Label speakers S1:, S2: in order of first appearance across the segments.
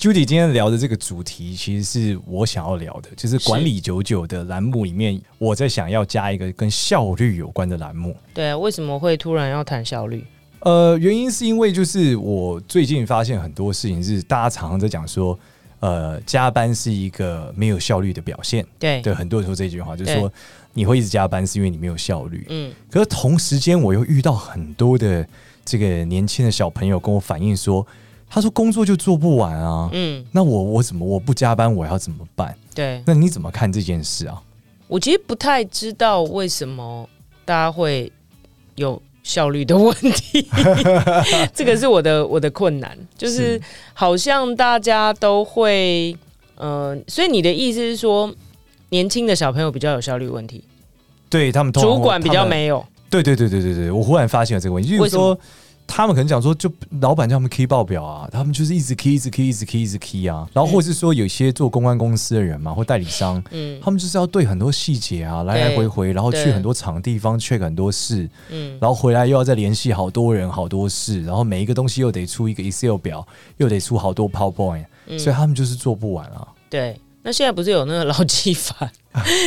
S1: Judy，今天聊的這個主題，其實是我想要聊的，就是管理九九的欄目裡面，我在想要加一個跟效率有關的欄目。
S2: 對，為什麼會突然要談效率？呃，原因是
S1: 因為就是我最近發現很多事情是大家常常在講說，呃，加班是一個沒有效率的表現。對，對，很多人說這句話，就是說你會一直加班是因為你沒有效率。嗯，可是同時間我又遇到很多的這個年輕的小朋友跟我反映說。他說：“工作就做不完啊，嗯，那我我怎麼我不加班，我要怎麼辦？對，那你怎麼看這件事啊？
S2: 我其實不太知道為什麼大家會有效率的問題 這個是我的我的困難，就是好像大家都會，嗯、呃，所以你的意思是說，年輕的小朋友比較有效率問題，
S1: 對他們主管比較沒有，對對對對對對，我忽然發現了這個問題，就是說，為什麼？他們可能講說，就老闆叫他們 key 報表啊，他們就是一直 key，一直 key，一直 key，一直 key 啊。然後或是說，有些做公關公司的人嘛，或代理商，嗯，他們就是要對很多細節啊，來來回回，然後去很多場地方，check 很多事，然後回來又要再聯繫好多人、好多事，嗯，然後每一個東西又得出一個 Excel 表，又得出好多 PowerPoint，嗯，所以他們就是做不完啊。
S2: 對。那現在不是有那個勞基法，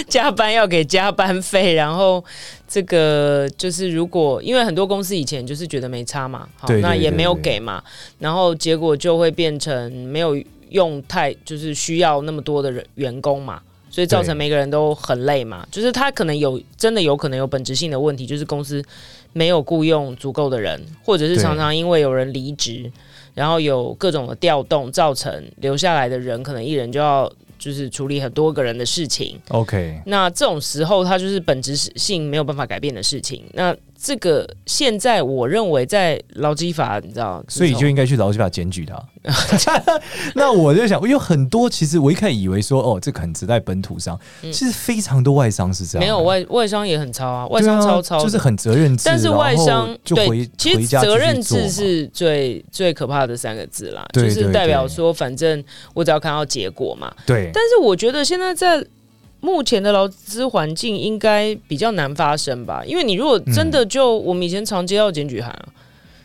S2: 加班要給加班費，然後這個就是如果因為很多公司以前就是覺得沒差嘛，好，對對對對對對，那也沒有給嘛，然後結果就會變成沒有用太就是需要那麼多的員工嘛，所以造成每個人都很累嘛，就是他可能有真的有可能有本質性的問題，就是公司沒有僱傭足夠的人，或者是常常因為有人離職，然後有各種的調動，造成留下來的人可能一人就要。就是處理很多個人的事情，OK。那這種時候，它就是本質性沒有辦法改變的事情。那。這個現在我認為在勞基法，你知道，所以就應
S1: 該去勞基法檢舉他，啊。 那我就想，有很多其實我一開始以為說，哦，這可能只在本土上，嗯，其實非常多外商是這樣。沒有
S2: 外外商也很超啊，外商超超，啊，就是很責任制。但是外商後就回對回家，其實責任制是最最可怕的三個字啦，對對對，就是代表說，反正我只要看到結果嘛。對，對。但是我覺得現在在。目前的勞資環境應該比較難發生吧，因為你如果真的就我們以前常接到檢舉函、啊嗯，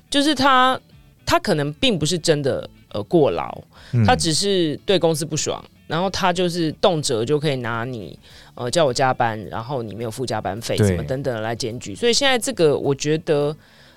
S2: 就是他他可能並不是真的呃過勞、嗯，他只是對公司不爽，然後他就是動輒就可以拿你呃叫我加班，然後你沒有付加班費什麼等等的來檢舉，所以現在這個我覺得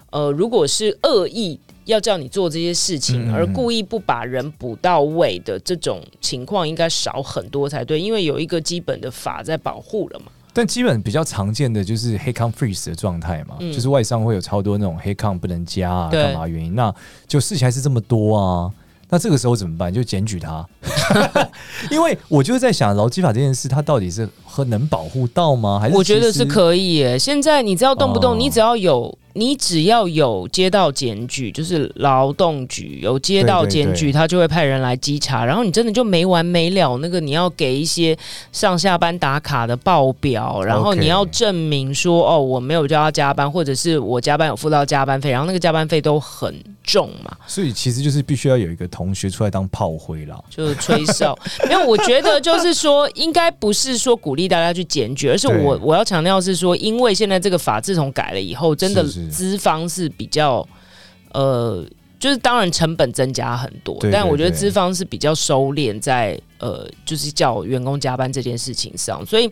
S2: 呃如果是惡意。要叫你做這些事情，嗯嗯嗯而故意不把人補到位的這種情況，應該少很多才對，因為有一個基本的法在保護了嘛。
S1: 但基本比較常見的就是黑康 freeze 的狀態嘛、嗯，就是外商會有超多那種黑康不能加啊，幹嘛原因，那就事情還是這麼多啊。那這個時候怎麼辦？就檢舉他。 因為我就在想勞基法這件事，它到底是和能保護到嗎？還是我覺得是可
S2: 以。現在你知道動不動、哦、你只要有。你只要有接到檢舉，就是勞動局有接到檢舉，他就會派人來稽查。然後你真的就沒完沒了，那個你要給一些上下班打卡的報表，然後你要證明說，okay. 哦，我沒有叫他加班，或者是我加班有付到加班費，然後那個加班費都很。重
S1: 嘛，所以其實就是必須要有一個同學出來當炮灰啦，
S2: 就是吹哨 沒有。因為我覺得就是說，應該不是說鼓勵大家去檢舉，而是我我要強調是說，因為現在這個法自從改了以後，真的資方是比較，是是呃，就是當然成本增加很多，對，對對，但我覺得資方是比較收斂在呃，就是叫員工加班這件事情上，所以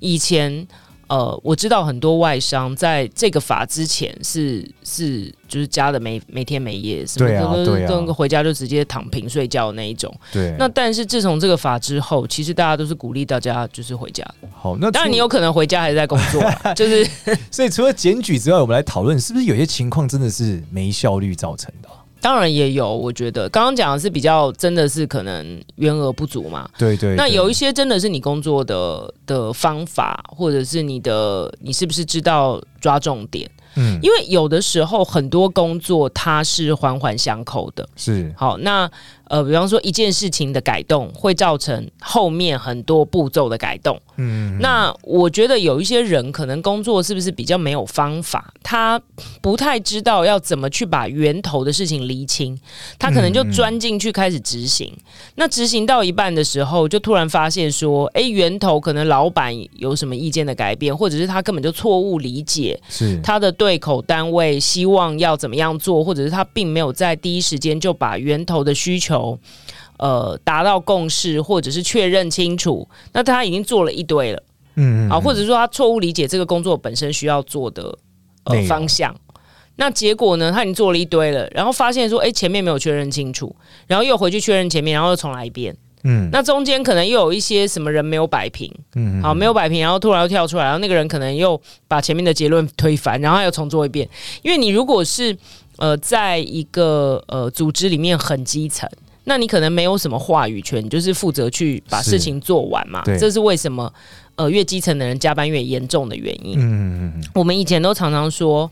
S2: 以前。呃，我知道很多外商在這個法之前是是就是加的沒沒天沒夜，是不是，都、對啊對啊、都回家就直接躺平睡覺的那一種。對。那但是自從這個法之後，其實大家都是鼓勵大家就是回家。好，那當然你有可能回家還是在工作、啊， 就是。
S1: 所以除了檢舉之外，我們來討論是不是有些情況真的是沒效率造成的。
S2: 當然也有，我覺得剛剛講的是比較真的是可能員額不足嘛。對，對對，那有一些真的是你工作的的方法，或者是你的你是不是知道抓重點？嗯，因為有的時候很多工作它是環環相扣的。是，好，那。呃，比方說一件事情的改動會造成後面很多步驟的改動。嗯，那我覺得有一些人可能工作是不是比較沒有方法，他不太知道要怎麼去把源頭的事情理清，他可能就鑽進去開始執行。嗯、那執行到一半的時候，就突然發現說，哎、欸，源頭可能老闆有什麼意見的改變，或者是他根本就錯誤理解，是他的對口單位希望要怎麼樣做，或者是他並沒有在第一時間就把源頭的需求。呃，達到共識或者是確認清楚，那他已經做了一堆了，嗯，嗯，啊，或者說他錯誤理解這個工作本身需要做的呃方向，那結果呢，他已經做了一堆了，然後發現說，哎、欸，前面沒有確認清楚，然後又回去確認前面，然後又重來一遍，嗯，嗯，那中間可能又有一些什麼人沒有擺平，嗯，好，沒有擺平，然後突然又跳出來，然後那個人可能又把前面的結論推翻，然後又重做一遍，因為你如果是。呃，在一個呃組織裡面很基層，那你可能沒有什麼話語權，就是負責去把事情做完嘛。這是為什麼？呃，越基層的人加班越嚴重的原因。嗯嗯嗯。我們以前都常常說，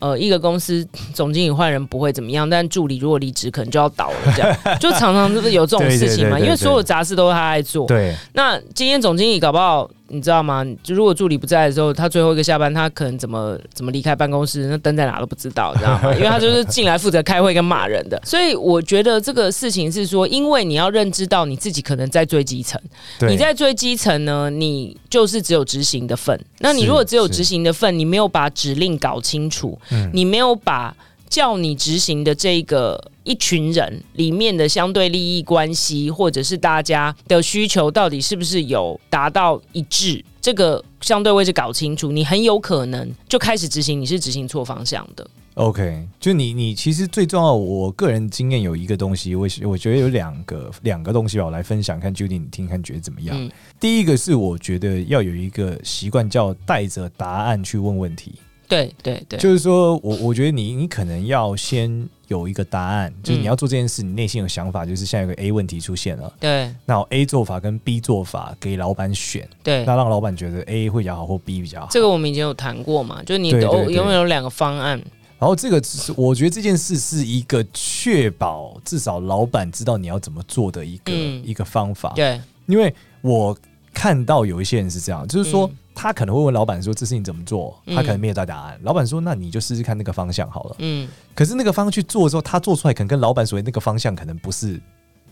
S2: 呃，一個公司總經理換人不會怎麼樣，但助理如果離職，可能就要倒了，這樣 就常常就是有這種事情嘛。 對對對對對對。因為所有雜事都是他在做。對。那今天總經理搞不好。你知道嗎？就如果助理不在的時候，他最後一個下班，他可能怎麼怎麼離開辦公室，那燈在哪兒都不知道，你知道嗎？因為他就是進來負責開會跟罵人的。所以我覺得這個事情，是說，因為你要認知到你自己可能在最基層，你在最基層呢，你就是只有執行的份。那你如果只有執行的份，你沒有把指令搞清楚，嗯、你沒有把。叫你執行的這個一群人裡面的相對利益關係，或者是大家的需求，到底是不是有達到一致？這個相對位置搞清楚，你很有可能就開始執行，你是執行錯方向的。
S1: OK，就你你其實最重要，我個人經驗有一個東西，我我覺得有兩個兩個東西吧，我來分享看，Judy，你聽聽看覺得怎麼樣？嗯。第一個是我覺得要有一個習慣，叫帶着答案去問問題。
S2: 對對對，就是
S1: 說我，我我覺得你你可能要先有一個答案，嗯、就是你要做這件事，你內心有想法，就是像一個 A 問題出現了，對，那我 A 做法跟 B 做法給老闆選，對，那讓老闆覺得 A 會比較好或 B 比較好，
S2: 這個我們已經有談過嘛，就你有對對對有沒有兩個方案？
S1: 然後這個是我覺得這件事是一個確保至少老闆知道你要怎麼做的一個、嗯、一個方法，對，因為我看到有一些人是這樣，就是說。嗯他可能會問老板說：“這事情怎麼做？”他可能沒有帶答案。嗯、老板說：“那你就試試看那個方向好了。”嗯，可是那個方向去做的時候，他做出來可能跟老板所謂那個方向可能不是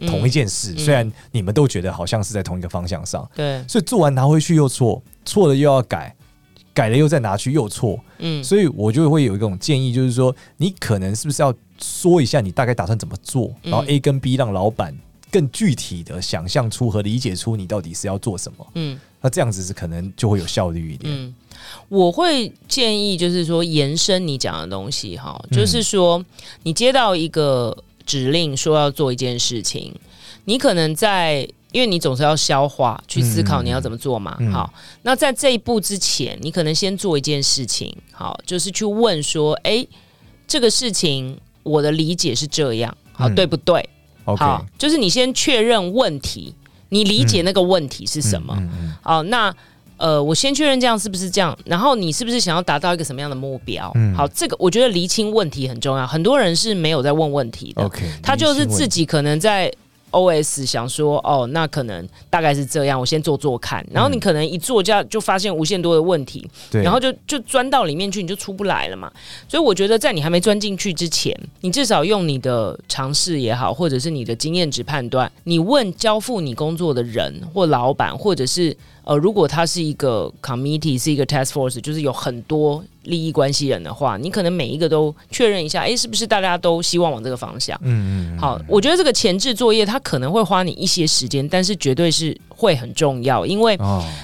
S1: 同一件事，嗯嗯。雖然你們都覺得好像是在同一個方向上，對、嗯嗯，所以做完拿回去又錯，錯了又要改，改了又再拿去又錯，嗯，所以我就會有一種建議，就是說你可能是不是要說一下你大概打算怎麼做，然後 A 跟 B 讓老板。更具體的想象出和理解出你到底是要做什麼，嗯，那這樣子是可能就會有效率一點、嗯。
S2: 我會建議就是說，延伸你講的東西哈，就是說，你接到一個指令說要做一件事情，你可能在因為你總是要消化去思考你要怎麼做嘛、嗯嗯，好，那在這一步之前，你可能先做一件事情，好，就是去問說，哎、欸，這個事情我的理解是這樣，好，嗯、對不對？Okay, 好，就是你先確認問題，你理解那個問題是什麼？嗯嗯嗯、好，那呃，我先確認這樣是不是這樣？然後你是不是想要達到一個什麼樣的目標？嗯、好，這個我覺得釐清問題很重要，很多人是沒有在問問題的，Okay, 他就是自己可能在。OS 想說哦，那可能大概是這樣，我先做做看。然後你可能一做就發現無限多的問題，嗯、然後就就鑽到裡面去，你就出不來了嘛。所以我覺得，在你還沒鑽進去之前，你至少用你的嘗試也好，或者是你的經驗值判斷，你問交付你工作的人或老闆，或者是。呃，如果他是一個 committee，是一個 task force，就是有很多利益關係人的話，你可能每一個都確認一下，哎、欸，是不是大家都希望往這個方向？嗯嗯,嗯,嗯。好，我覺得這個前置作業它可能會花你一些時間，但是絕對是會很重要，因為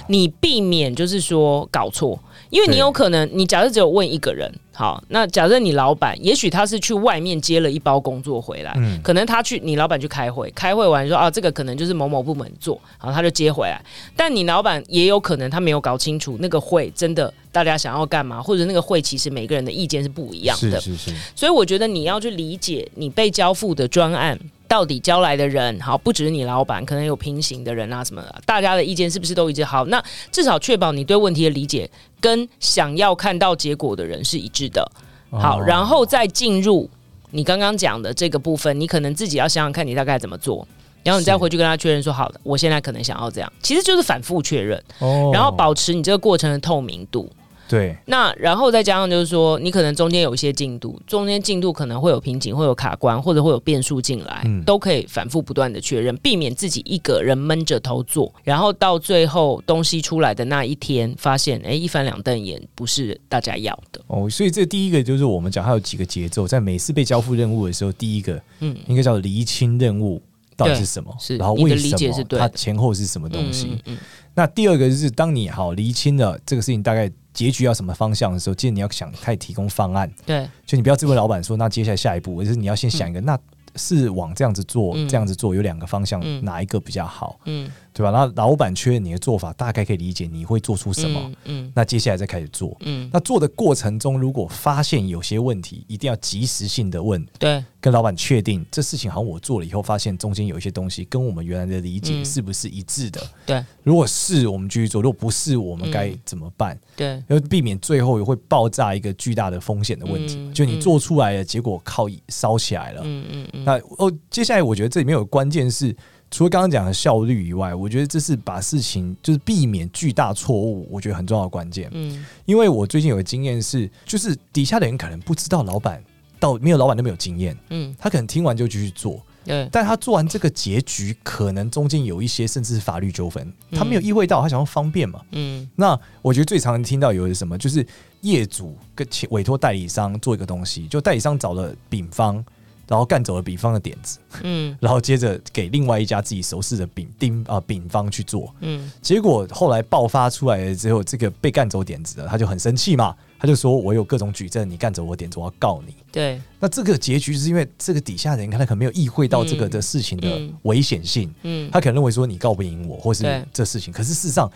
S2: 你避免就是說搞錯。因為你有可能，你假設只有問一個人，好，那假設你老闆，也許他是去外面接了一包工作回來，嗯。可能他去你老闆去開會，開會完說啊，這個可能就是某某部門做，然後他就接回來。但你老闆也有可能他沒有搞清楚那個會真的大家想要幹嘛，或者那個會其實每個人的意見是不一樣的。是是是。所以我覺得你要去理解你被交付的專案。到底交來的人好，不只是你老闆，可能有平行的人啊什麼的，大家的意見是不是都一致？好，那至少確保你對問題的理解跟想要看到結果的人是一致的。好，Oh. 然後再進入你剛剛講的這個部分，你可能自己要想想看你大概怎麼做，然後你再回去跟他確認說好的，我現在可能想要這樣，其實就是反覆確認，然後保持你這個過程的透明度。Oh. 對，那然後再加上就是說，你可能中間有一些進度，中間進度可能會有瓶頸，會有卡關，或者會有變數進來，嗯、都可以反覆不斷的確認，避免自己一個人悶着頭做，然後到最後東西出來的那一天，發現哎一翻兩瞪眼，不是大家要
S1: 的哦。所以這第一個就是我們講它有幾個節奏，在每次被交付任務的時候，第一個嗯，應該叫釐清任務到底是什麼，是然後你的理解是對，它前後是什麼東西嗯。嗯嗯那第二個就是，當你好釐清了這個事情大概結局要什麼方向的時候，建議你要想太提供方案。對，就你不要質問老闆說，那接下來下一步，而、就是你要先想一個、嗯，那是往這樣子做，嗯、這樣子做有兩個方向、嗯，哪一個比較好？嗯。對吧？那老闆確認你的做法大概可以理解，你會做出什麼？嗯，嗯，那接下來再開始做。嗯，那做的過程中，如果發現有些問題，一定要及時性的問。對，跟老闆確定這事情好像我做了以後，發現中間有一些東西跟我們原來的理解是不是一致的？對、嗯，如果是，我們繼續做；如果不是，我們該怎麼辦？對、嗯，要避免最後也會爆炸一個巨大的風險的問題、嗯。就你做出來的結果靠燒起來了。嗯嗯嗯。那哦，接下來我覺得這裡面有關鍵是。除了剛剛講的效率以外，我覺得這是把事情就是避免巨大錯誤，我覺得很重要的關鍵。嗯，因為我最近有個經驗是，就是底下的人可能不知道老板到沒有老板都沒有經驗。嗯，他可能聽完就繼續做，嗯，但他做完這個結局，可能中間有一些甚至是法律糾紛，他沒有意會到，他想要方便嘛。嗯，那我覺得最常聽到有的是什麼，就是業主跟委託代理商做一個東西，就代理商找了丙方。然後幹走了丙方的點子，嗯，然後接着給另外一家自己熟悉的丙丁啊丙方去做，嗯，結果後來爆發出來之後，這個被幹走點子的他就很生氣嘛，他就說我有各種舉證，你幹走我點子，我要告你。對，那這個結局是因為這個底下人，他可能沒有意會到這個的事情的危險性，嗯，嗯嗯他可能認為說你告不贏我，或是這事情，可是事實上，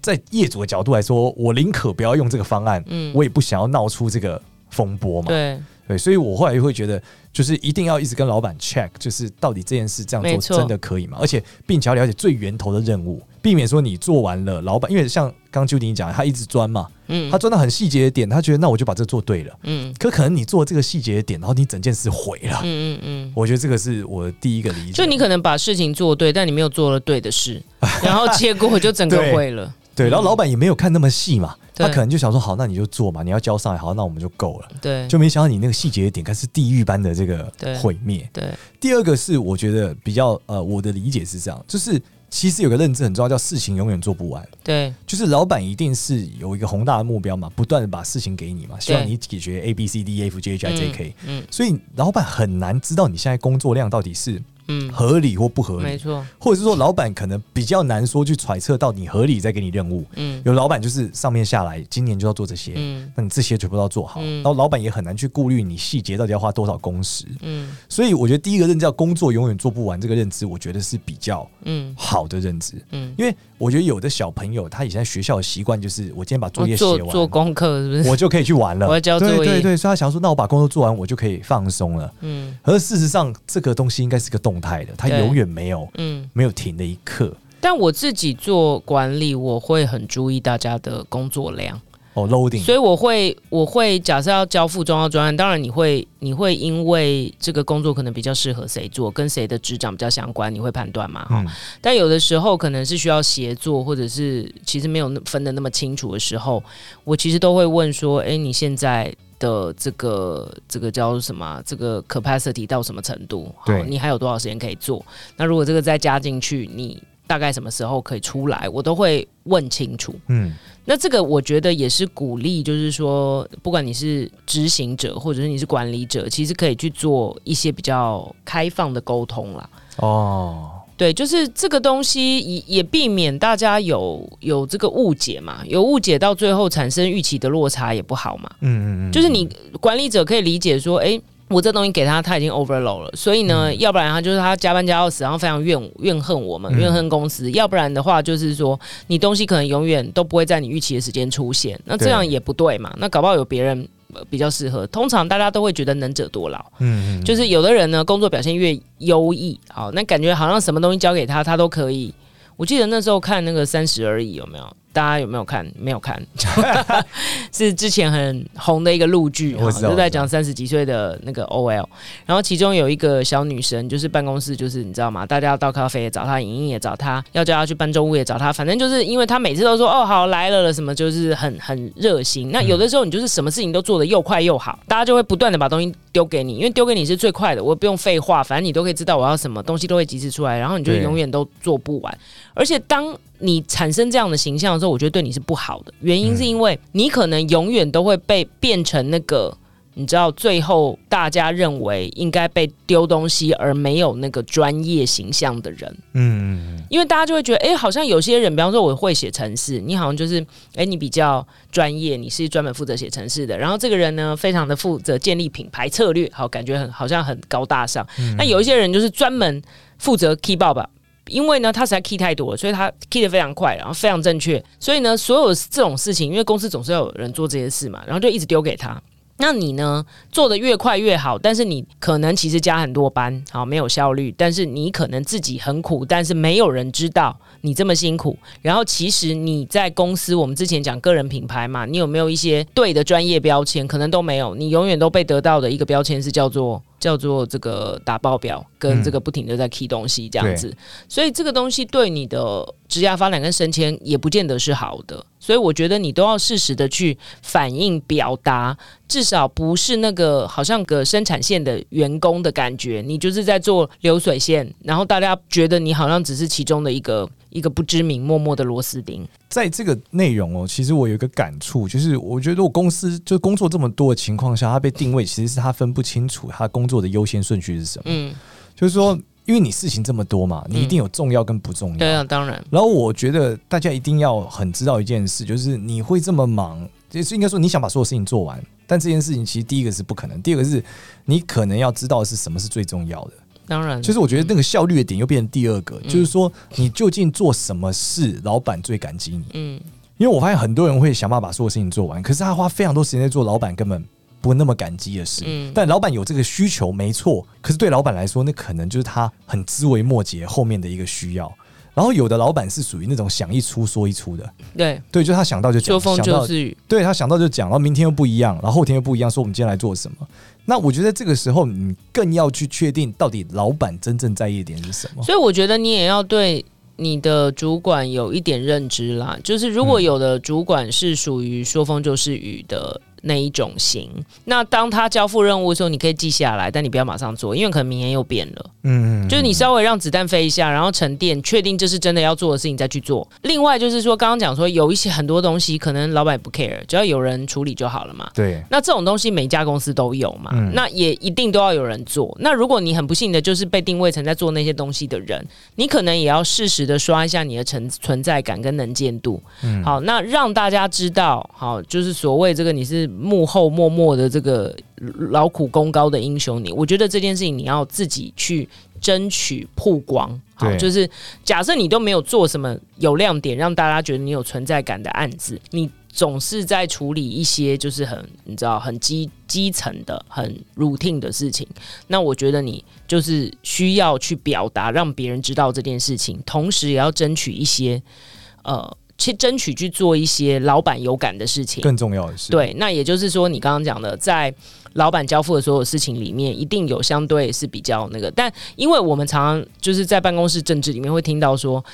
S1: 在業主的角度來說，我寧可不要用這個方案，嗯，我也不想要鬧出這個風波嘛，對。對，所以我後來又會覺得，就是一定要一直跟老闆 check，就是到底這件事這樣做真的可以嗎？而且，並且要了解最源頭的任務，避免說你做完了，老闆因為像剛 Judy 講，他一直鑽嘛，嗯、他鑽到很細節的點，他覺得那我就把這做對了，嗯，可可能你做這個細節的點，然後你整件事毀了，嗯嗯嗯，我覺得這個是我的第一個理
S2: 解，就你可能把事情做對，但你沒有做了對的事，然後結果就整個毀了。 對，然後老
S1: 闆也沒有看那麼細嘛、嗯，他可能就想說好，那你就做嘛，你要交上來，好，那我們就夠了。對，就沒想到你那個細節的點，開是地獄般的這個毀滅。對，第二個是我覺得比較呃，我的理解是這樣，就是其實有個認知很重要，叫事情永遠做不完。對，就是老闆一定是有一個宏大的目標嘛，不斷的把事情給你嘛，希望你解決 A B C D E F G H I J K、嗯。嗯，所以老闆很難知道你現在工作量到底是，嗯，合理或不合理，嗯、沒錯，或者是說老板可能比較難說去揣測到你合理再給你任務。嗯，有老板就是上面下來，今年就要做這些，嗯，那你這些全部都要做好，嗯、然後老板也很難去顧慮你細節到底要花多少工時，嗯，所以我覺得第一個認知叫工作永遠做不完，這個認知我覺得是比較嗯好的認知、嗯，嗯，因為我覺得有的小朋友他以前在學校的習慣就是，我今天把作業寫完，做做
S2: 功課是不是，我就可以去玩了，我要作對對對，
S1: 所以他想說，那我把工作做完，我就可以放鬆了，
S2: 嗯，可是
S1: 事實上這個東西應該是個動物。動態的，它永遠沒有，嗯，沒有停的一刻。
S2: 但我自己做管理，我會很注意大家的工作量哦、
S1: oh,，loading。所
S2: 以我會，我會假設要交付重要專案，當然你會，你會因為這個工作可能比較適合誰做，跟誰的職掌比較相關，你會判斷嘛？哈、嗯，但有的時候可能是需要協作，或者是其實沒有那分得那麼清楚的時候，我其實都會問說：，哎、欸，你現在？的這個這個叫什麼？這個 capacity 到什麼程度？好對，你還有多少時間可以做？那如果這個再加進去，你大概什麼時候可以出來？我都會問清楚。嗯，那這個我覺得也是鼓勵，就是說，不管你是執行者或者是你是管理者，其實可以去做一些比較開放的溝通啦。哦。對，就是這個東西也也避免大家有有這個誤解嘛，有誤解到最後產生預期的落差也不好嘛。嗯嗯，就是你管理者可以理解說，哎，我這東西給他他已經 overload 了，所以呢、嗯，要不然他就是他加班加到死，然後非常怨怨恨我們，怨恨公司；嗯、要不然的話，就是說你東西可能永遠都不會在你預期的時間出現，那這樣也不對嘛。對，那搞不好有別人。比較適合，通常大家都會覺得能者多勞，嗯，就是有的人呢，工作表現越優異，好，那感覺好像什麼東西交給他，他都可以。我記得那時候看那個《三十而已》，有沒有？大家有沒有看？沒有看， 是之前很紅的一個錄劇，都在講三十幾歲的那個 OL，然後其中有一個小女生，就是辦公室，就是你知道嗎？大家要倒咖啡也找她，影印也找她，要叫她去搬重物也找她，反正就是因為她每次都說哦好來了了什麼，就是很很熱心。那有的時候你就是什麼事情都做得又快又好，嗯，大家就會不斷的把東西丟給你，因為丟給你是最快的，我不用廢話，反正你都可以知道我要什麼東西都會及時出來，然後你就永遠都做不完，而且當。你產生這樣的形象的時候，我覺得對你是不好的。原因是因為你可能永遠都會被變成那個，你知道，最後大家認為應該被丟東西而沒有那個專業形象的人。嗯，因為大家就會覺得，哎，好像有些人，比方說我會寫程式，你好像就是，哎，你比較專業，你是專門負責寫程式的。然後這個人呢，非常的負責建立品牌策略，好，感覺很好像很高大上。那有一些人就是專門負責 keyboard 吧。因為呢，他實在 key 太多了，所以他 key 得非常快，然後非常正確。所以呢，所有這種事情，因為公司總是要有人做這些事嘛，然後就一直丟給他。那你呢，做得越快越好，但是你可能其實加很多班，好沒有效率，但是你可能自己很苦，但是沒有人知道你這麼辛苦。然後其實你在公司，我們之前講個人品牌嘛，你有沒有一些對的專業標籤？可能都沒有，你永遠都被得到的一個標籤是叫做。叫做這個打報表跟這個不停的在 key 東西這樣子，嗯、所以這個東西對你的職業發展跟升遷也不見得是好的，所以我覺得你都要適時的去反映表達，至少不是那個好像個生產線的員工的感覺，你就是在做流水線，然後大家覺得你好像只是其中的一個，一個不知名默默的螺絲釘，
S1: 在這個內容哦，其實我有一個感觸，就是我覺得我公司就工作這麼多的情況下，他被定位其實是他分不清楚他工作的優先順序是什麼。嗯，就是說，因為你事情這麼多嘛，你一定有重要跟不重
S2: 要。嗯、對啊，當然。
S1: 然後我覺得大家一定要很知道一件事，就是你會這麼忙，也是應該說你想把所有事情做完，但這件事情其實第一個是不可能，第二個是你可能要知道的是什麼是最重要的。當然，其實我覺得那個效率的點又變成第二個，嗯、就是說你究竟做什麼事，老闆最感激你？嗯，因為我發現很多人會想辦法把所有事情做完，可是他花非常多時間在做老闆根本不那麼感激的事。嗯、但老闆有這個需求沒錯，可是對老闆來說，那可能就是他很枝微末節後面的一個需要。然後有的老板是屬於那種想一出說一出的對，對對，就他想到就講，說風就是雨；對，他想到就講，然後明天又不一樣，然後後天又不一樣，說我們今天來做什麼？那我覺得這個時候你更要去確定到底老板真正在意的點是什麼。所
S2: 以我覺得你也要對你的主管有一點認知啦，就是如果有的主管是屬於說風就是雨的。嗯那一種型，那當他交付任務的時候，你可以記下來，但你不要馬上做，因為可能明天又變了。嗯，就是你稍微讓子彈飛一下，然後沉澱，確定這是真的要做的事情再去做。另外就是說，剛剛講說有一些很多東西，可能老板不 care，只要有人處理就好了嘛。對。那這種東西每一家公司都有嘛，嗯，那也一定都要有人做。那如果你很不幸的就是被定位成在做那些東西的人，你可能也要適時的刷一下你的存存在感跟能見度，嗯。好，那讓大家知道，好，就是所謂這個你是。幕後默默的這個勞苦功高的英雄你，你我覺得這件事情你要自己去爭取曝光。好，就是假設你都沒有做什麼有亮點讓大家覺得你有存在感的案子，你總是在處理一些就是很你知道很基基層的很 routine 的事情，那我覺得你就是需要去表達，讓別人知道這件事情，同時也要爭取一些呃。去爭取去做一些老闆有感的事情，更重要的事。對。那也就是說，你剛剛講的，在老闆交付的所有事情裡面，一定有相對是比較那個。但因為我們常常就是在辦公室政治裡面會聽到說，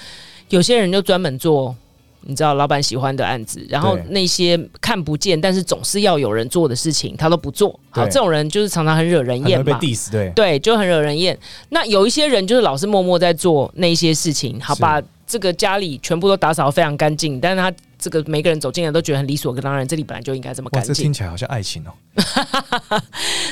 S2: 有些人就專門做你知道老闆喜歡的案子，然後那些看不見但是總是要有人做的事情，他都不做。好，這種人就是常常很惹人厭嘛，被 diss，對對，就很惹人厭。那有一些人就是老是默默在做那些事情，好吧。這個家裡全部都打掃非常乾淨，但是他這個每個人走進來都覺得很理所當然，這裡本來就應該這麼乾淨。哇，這聽起來
S1: 好像愛情哦。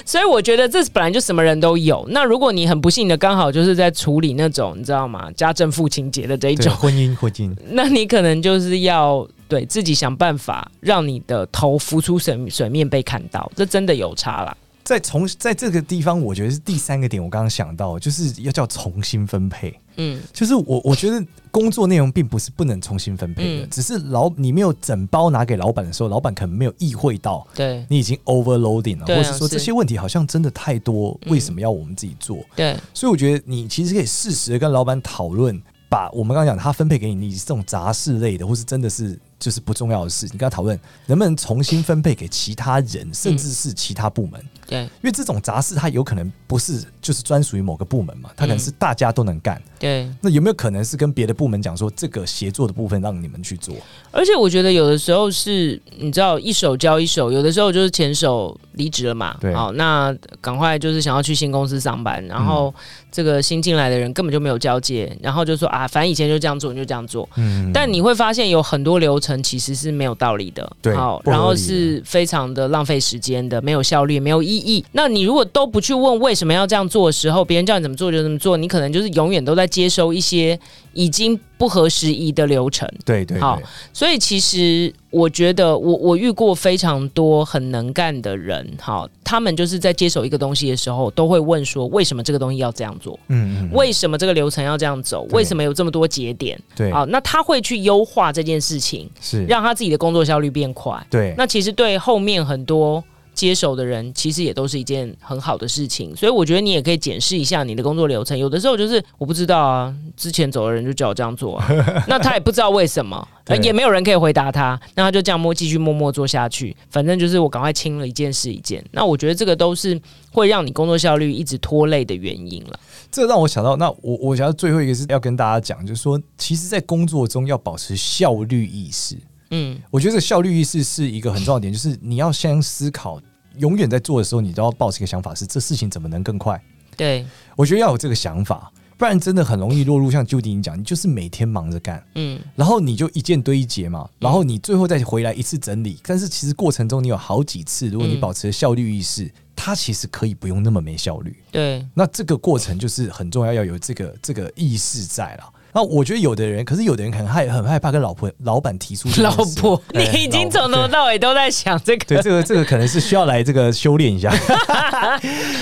S2: 所以我覺得這本來就什麼人都有。那如果你很不幸的剛好就是在處理那種你知道嗎，家政婦情節的這一種婚姻婚姻，那你可能就是要對自己想辦法讓你的頭浮出水水面被看到，這真的有差啦。
S1: 在從在這個地方，我覺得是第三個點，我剛剛想到就是要叫重新分配。嗯，就是我我覺得工作內容並不是不能重新分配的，嗯、只是老你沒有整包拿給老板的時候，老板可能沒有意會到，對你已經 overloading 了，或是說這些問題好像真的太多，啊、為什麼要我們自己做，嗯？對，所以我覺得你其實可以適時的跟老板討論，把我們剛剛講他分配給你，你這種雜事類的，或是真的是就是不重要的事，你跟他討論能不能重新分配給其他人，甚至是其他部門。嗯對，因為這種雜事，它有可能不是就是專屬於某個部門嘛，它可能是大家都能幹。嗯。對，那有沒有可能是跟別的部門講說，這個協作的部分讓你們去做？
S2: 而且我覺得有的時候是，你知道一手交一手，有的時候就是前手離職了嘛。對，好，那趕快就是想要去新公司上班，然後，嗯。這個新進來的人根本就沒有交接，然後就說啊，反正以前就這樣做，你就這樣做。嗯，但你會發現有很多流程其實是沒有道理的，對，好，然後是非常的浪費時間的，沒有效率，沒有意義。那你如果都不去問為什麼要這樣做的時候，別人叫你怎麼做就怎麼做，你可能就是永遠都在接收一些已經。不合時宜的流程，對，對對，好，所以其實我覺得我，我我遇過非常多很能幹的人，哈，他們就是在接手一個東西的時候，都會問說，為什麼這個東西要這樣做？嗯嗯，為什麼這個流程要這樣走？為什麼有這麼多節點？對，好，那他會去優化這件事情，是讓他自己的工作效率變快。對，那其實對後面很多。接手的人其實也都是一件很好的事情，所以我覺得你也可以檢視一下你的工作流程。有的時候就是我不知道啊，之前走的人就叫我這樣做啊，那他也不知道為什麼，也沒有人可以回答他，那他就這樣摸，繼續默默做下去。反正就是我趕快清了一件是一件。那我覺得這個都是會讓你工作效率一直拖累的原因了。
S1: 這讓我想到，那我我想到最後一個是要跟大家講，就是說，其實，在工作中要保持效率意識。嗯，我覺得這個效率意識是一個很重要的點，就是你要先思考，永遠在做的時候，你都要抱著一個想法是，是這事情，怎麼能更快？
S2: 對，
S1: 我覺得要有這個想法，不然真的很容易落入像 Judy 你講，你就是每天忙着幹，嗯，然後你就一件堆一節嘛，然後你最後再回來一次整理，嗯、但是其實過程中你有好幾次，如果你保持了效率意識，嗯，它其實可以不用那麼沒效率。對，那這個過程就是很重要，要有這個這個意識在啦。那我覺得有的人，可是有的人很害很害怕跟老婆、老闆提出。老婆，嗯、你已經
S2: 從頭到尾都在想這個。對，對，這個這
S1: 個可能是需要來這個修煉一下。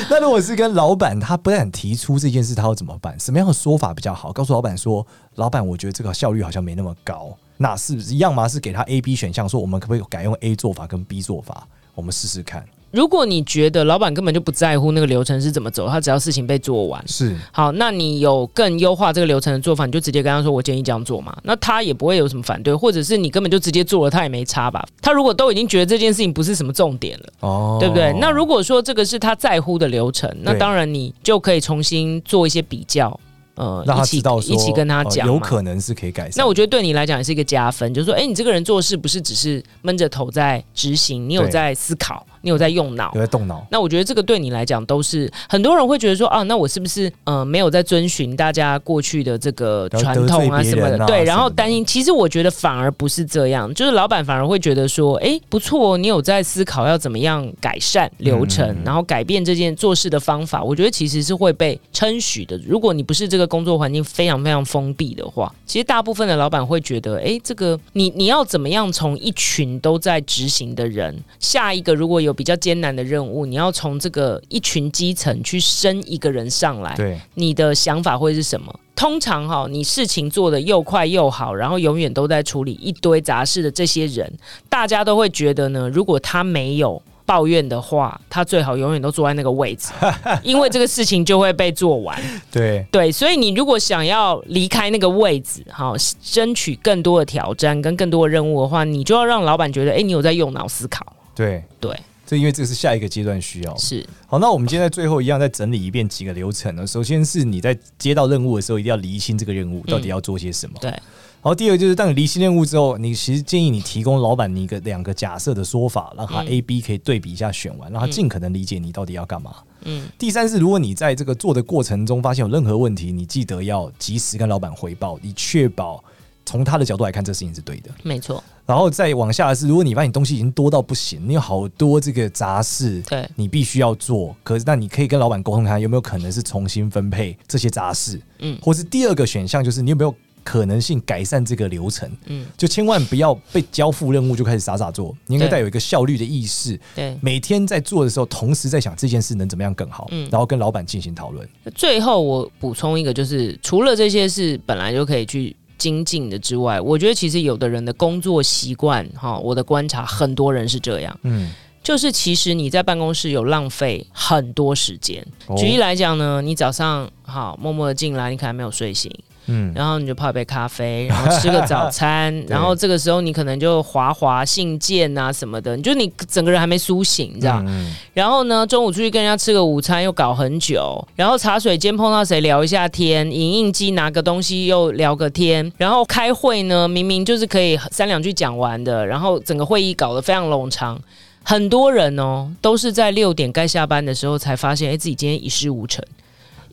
S1: 那如果是跟老闆，他不敢提出這件事，他要怎麼辦？什麼樣的說法比較好？告訴老闆說，老闆，我覺得這個效率好像沒那麼高，那是不是樣嗎？要麼是給他 A、B 選項，說我們可不可以改用 A 做法跟 B 做法，我們試試看。
S2: 如果你覺得老闆根本就不在乎那個流程是怎麼走，他只要事情被做完是好，那你有更優化這個流程的做法，你就直接跟他說：“我建議這樣做嘛。”那他也不會有什麼反對，或者是你根本就直接做了，他也沒差吧？他如果都已經覺得這件事情不是什麼重點了，哦，對不對？那如果說這個是他在乎的流程，那當然你就可以重新做一些比較，呃，讓他知道說，一起一起跟他講、呃，有可
S1: 能是可以改善。那
S2: 我覺得對你來講也是一個加分，就是說，哎、欸，你這個人做事不是只是悶着頭在執行，你有在思考。你有在用腦，有在動腦。那我覺得這個對你來講都是很多人會覺得說啊，那我是不是呃沒有在遵循大家過去的這個傳統啊什麼的？啊、對，然後擔心。其實我覺得反而不是這樣，就是老板反而會覺得說，哎、欸，不錯，你有在思考要怎麼樣改善流程嗯嗯，然後改變這件做事的方法。我覺得其實是會被稱許的。如果你不是這個工作環境非常非常封閉的話，其實大部分的老板會覺得，哎、欸，這個你你要怎麼樣從一群都在執行的人，下一個如果有比較艱難的任務，你要從這個一群基層去升一個人上來，對，你的想法會是什麼？通常哈，你事情做得又快又好，然後永遠都在處理一堆雜事的這些人，大家都會覺得呢，如果他沒有抱怨的話，他最好永遠都坐在那個位置， 因為這個事情就會被做完。對對，所以你如果想要離開那個位置，哈，爭取更多的挑戰跟更多的任務的話，你就要讓老板覺得，哎，你有在用腦思考。
S1: 對對。這因為這個是下一個階段需要是好，那我們今天在最後一樣再整理一遍幾個流程呢？首先是你在接到任務的時候，一定要釐清這個任務到底要做些什麼。嗯、對，好。第二個就是當你釐清任務之後，你其實建議你提供老闆你一個兩個假設的說法，讓他 A、嗯、B 可以對比一下選完，讓他盡可能理解你到底要幹嘛。嗯。第三是，如果你在這個做的過程中發現有任何問題，你記得要及時跟老闆匯報，以確保。從他的角度來看，這事情是對的，沒錯。然後再往下的是，如果你發現你東西已經多到不行，你有好多這個雜事，對，你必須要做。可是，那你可以跟老板溝通看，看有沒有可能是重新分配這些雜事，嗯，或是第二個選項就是，你有沒有可能性改善這個流程？嗯，就千萬不要被交付任務就開始傻傻做，你應該帶有一個效率的意識，對，每天在做的時候，同時在想這件事能怎麼樣更好，嗯，然後跟老板進行討論。
S2: 最後，我補充一個，就是除了這些事，本來就可以去。精進的之外，我覺得其實有的人的工作習慣，哈，我的觀察，很多人是這樣，嗯，就是其實你在辦公室有浪費很多時間，哦。舉例來講呢，你早上好，默默的進來，你可能還沒有睡醒。嗯，然後你就泡一杯咖啡，然後吃個早餐， 然後這個時候你可能就滑滑信件啊什麼的，你就你整個人還沒甦醒這樣。嗯嗯，然後呢，中午出去跟人家吃個午餐，又搞很久。然後茶水間碰到誰聊一下天，影印機拿個東西又聊個天。然後開會呢，明明就是可以三兩句講完的，然後整個會議搞得非常冗長。很多人哦，都是在六點該下班的時候才發現，哎，自己今天一事無成。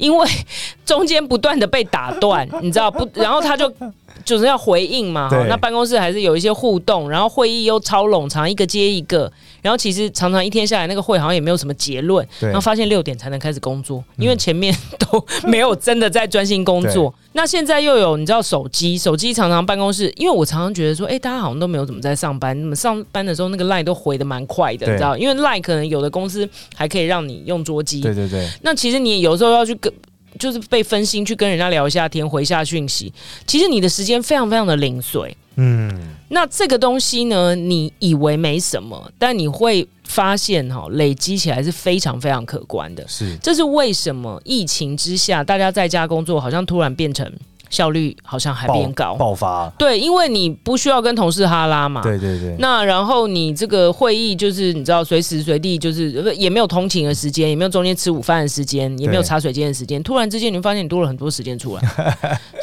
S2: 因為中間不斷的被打斷，你知道不？然後他就。就是要回應嘛，那辦公室還是有一些互動，然後會議又超冗長，常常一個接一個，然後其實常常一天下來那個會好像也沒有什麼結論，然後發現六點才能開始工作。嗯，因為前面都沒有真的在專心工作。嗯。那現在又有你知道手機， 手機常常辦公室，因為我常常覺得說，哎、欸，大家好像都沒有怎麼在上班，那麼上班的時候那個 LINE 都回得蠻快的，你知道，因為 LINE 可能有的公司還可以讓你用桌機。對對對。那其實你有時候要去跟。就是被分心去跟人家聊一下天，回一下訊息，其實你的時間非常非常的零碎。嗯，那這個東西呢，你以為沒什麼，但你會發現哈、哦，累積起來是非常非常可觀的。是，這是為什麼疫情之下，大家在家工作好像突然變成。效率好像還變高，爆發。對，因為你不需要跟同事哈拉嘛。對對對。那然後你這個會議就是你知道隨時隨地，就是也沒有通勤的時間，也沒有中間吃午飯的時間，也沒有茶水間的時間。突然之間，你會發現你多了很多時間出來，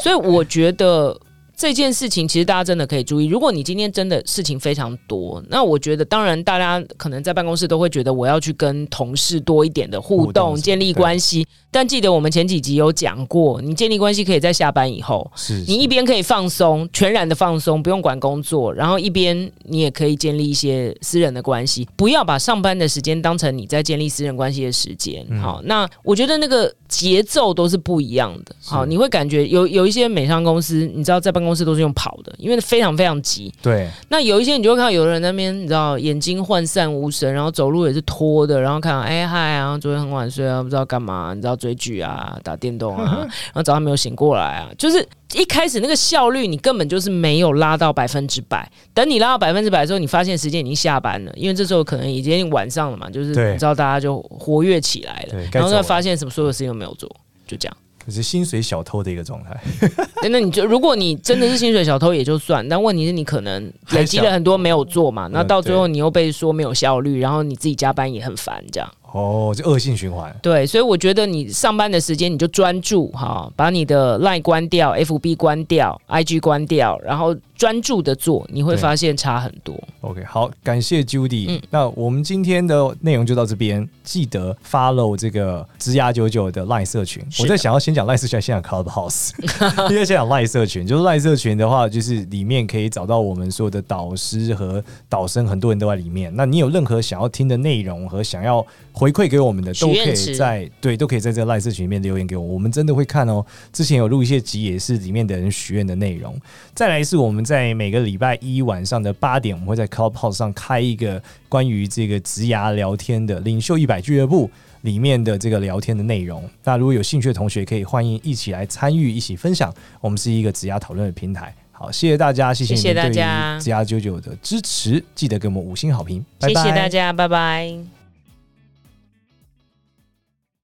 S2: 所以我覺得。這件事情其實大家真的可以注意。如果你今天真的事情非常多，那我覺得當然大家可能在辦公室都會覺得我要去跟同事多一點的互動，哦、建立關係。但記得我們前幾集有講過，你建立關係可以在下班以後是、是，你一邊可以放鬆，全然的放鬆，不用管工作，然後一邊你也可以建立一些私人的關係。不要把上班的時間當成你在建立私人關係的時間。嗯、好，那我覺得那個節奏都是不一樣的。好，你會感覺有有一些美商公司，你知道在辦公。公司都是用跑的，因為非常非常急。對，那有一些你就會看到有的人那邊，你知道眼睛渙散無神，然後走路也是拖的，然後看到哎嗨啊，昨天很晚睡啊，不知道幹嘛，你知道追劇啊、打電動啊，呵呵，然後早上沒有醒過來啊，就是一開始那個效率你根本就是沒有拉到百分之百。等你拉到百分之百之後，的時候，你發現時間已經下班了，因為這時候可能已經晚上了嘛，就是你知道大家就活躍起來了，了，然後再發現什麼所有事情都沒有做，就這樣。
S1: 就是薪水小偷的一個狀態，
S2: 那你就如果你真的是薪水小偷也就算， 但問題是你可能累積了很多沒有做嘛、嗯，那到最後你又被說沒有效率，然後你自己加班也很煩這樣，
S1: 哦，就惡性循環。
S2: 對，所以我覺得你上班的時間你就專注哈、哦，把你的 line 關掉，FB 關掉，IG 關掉，然後。專注的做，你會發現差很多。
S1: OK，好，感謝 Judy。嗯、那我們今天的內容就到這邊，記得 follow 這個職涯99的賴社群。我在想要先講賴社群，先講 Clubhouse，應 該先講賴社群。就是賴社群的話，就是裡面可以找到我們所有的導師和導生，很多人都在裡面。那你有任何想要聽的內容和想要回饋給我們的，都可以在對，都可以在這個賴社群裡面留言給我，我們真的會看哦。之前有錄一些集，也是裡面的人許願的內容。再來是我們。在每個禮拜一晚上的八點，我們會在 Clubhouse 上開一個關於這個職涯聊天的領袖一百俱樂部裡面的這個聊天的內容。那如果有興趣的同學，可以歡迎一起來參與，一起分享。我們是一個職涯討論的平台。好，謝謝大家，謝謝大家對職涯九九的支持，記得給我們五星好評。謝謝大
S2: 家，拜拜。謝謝。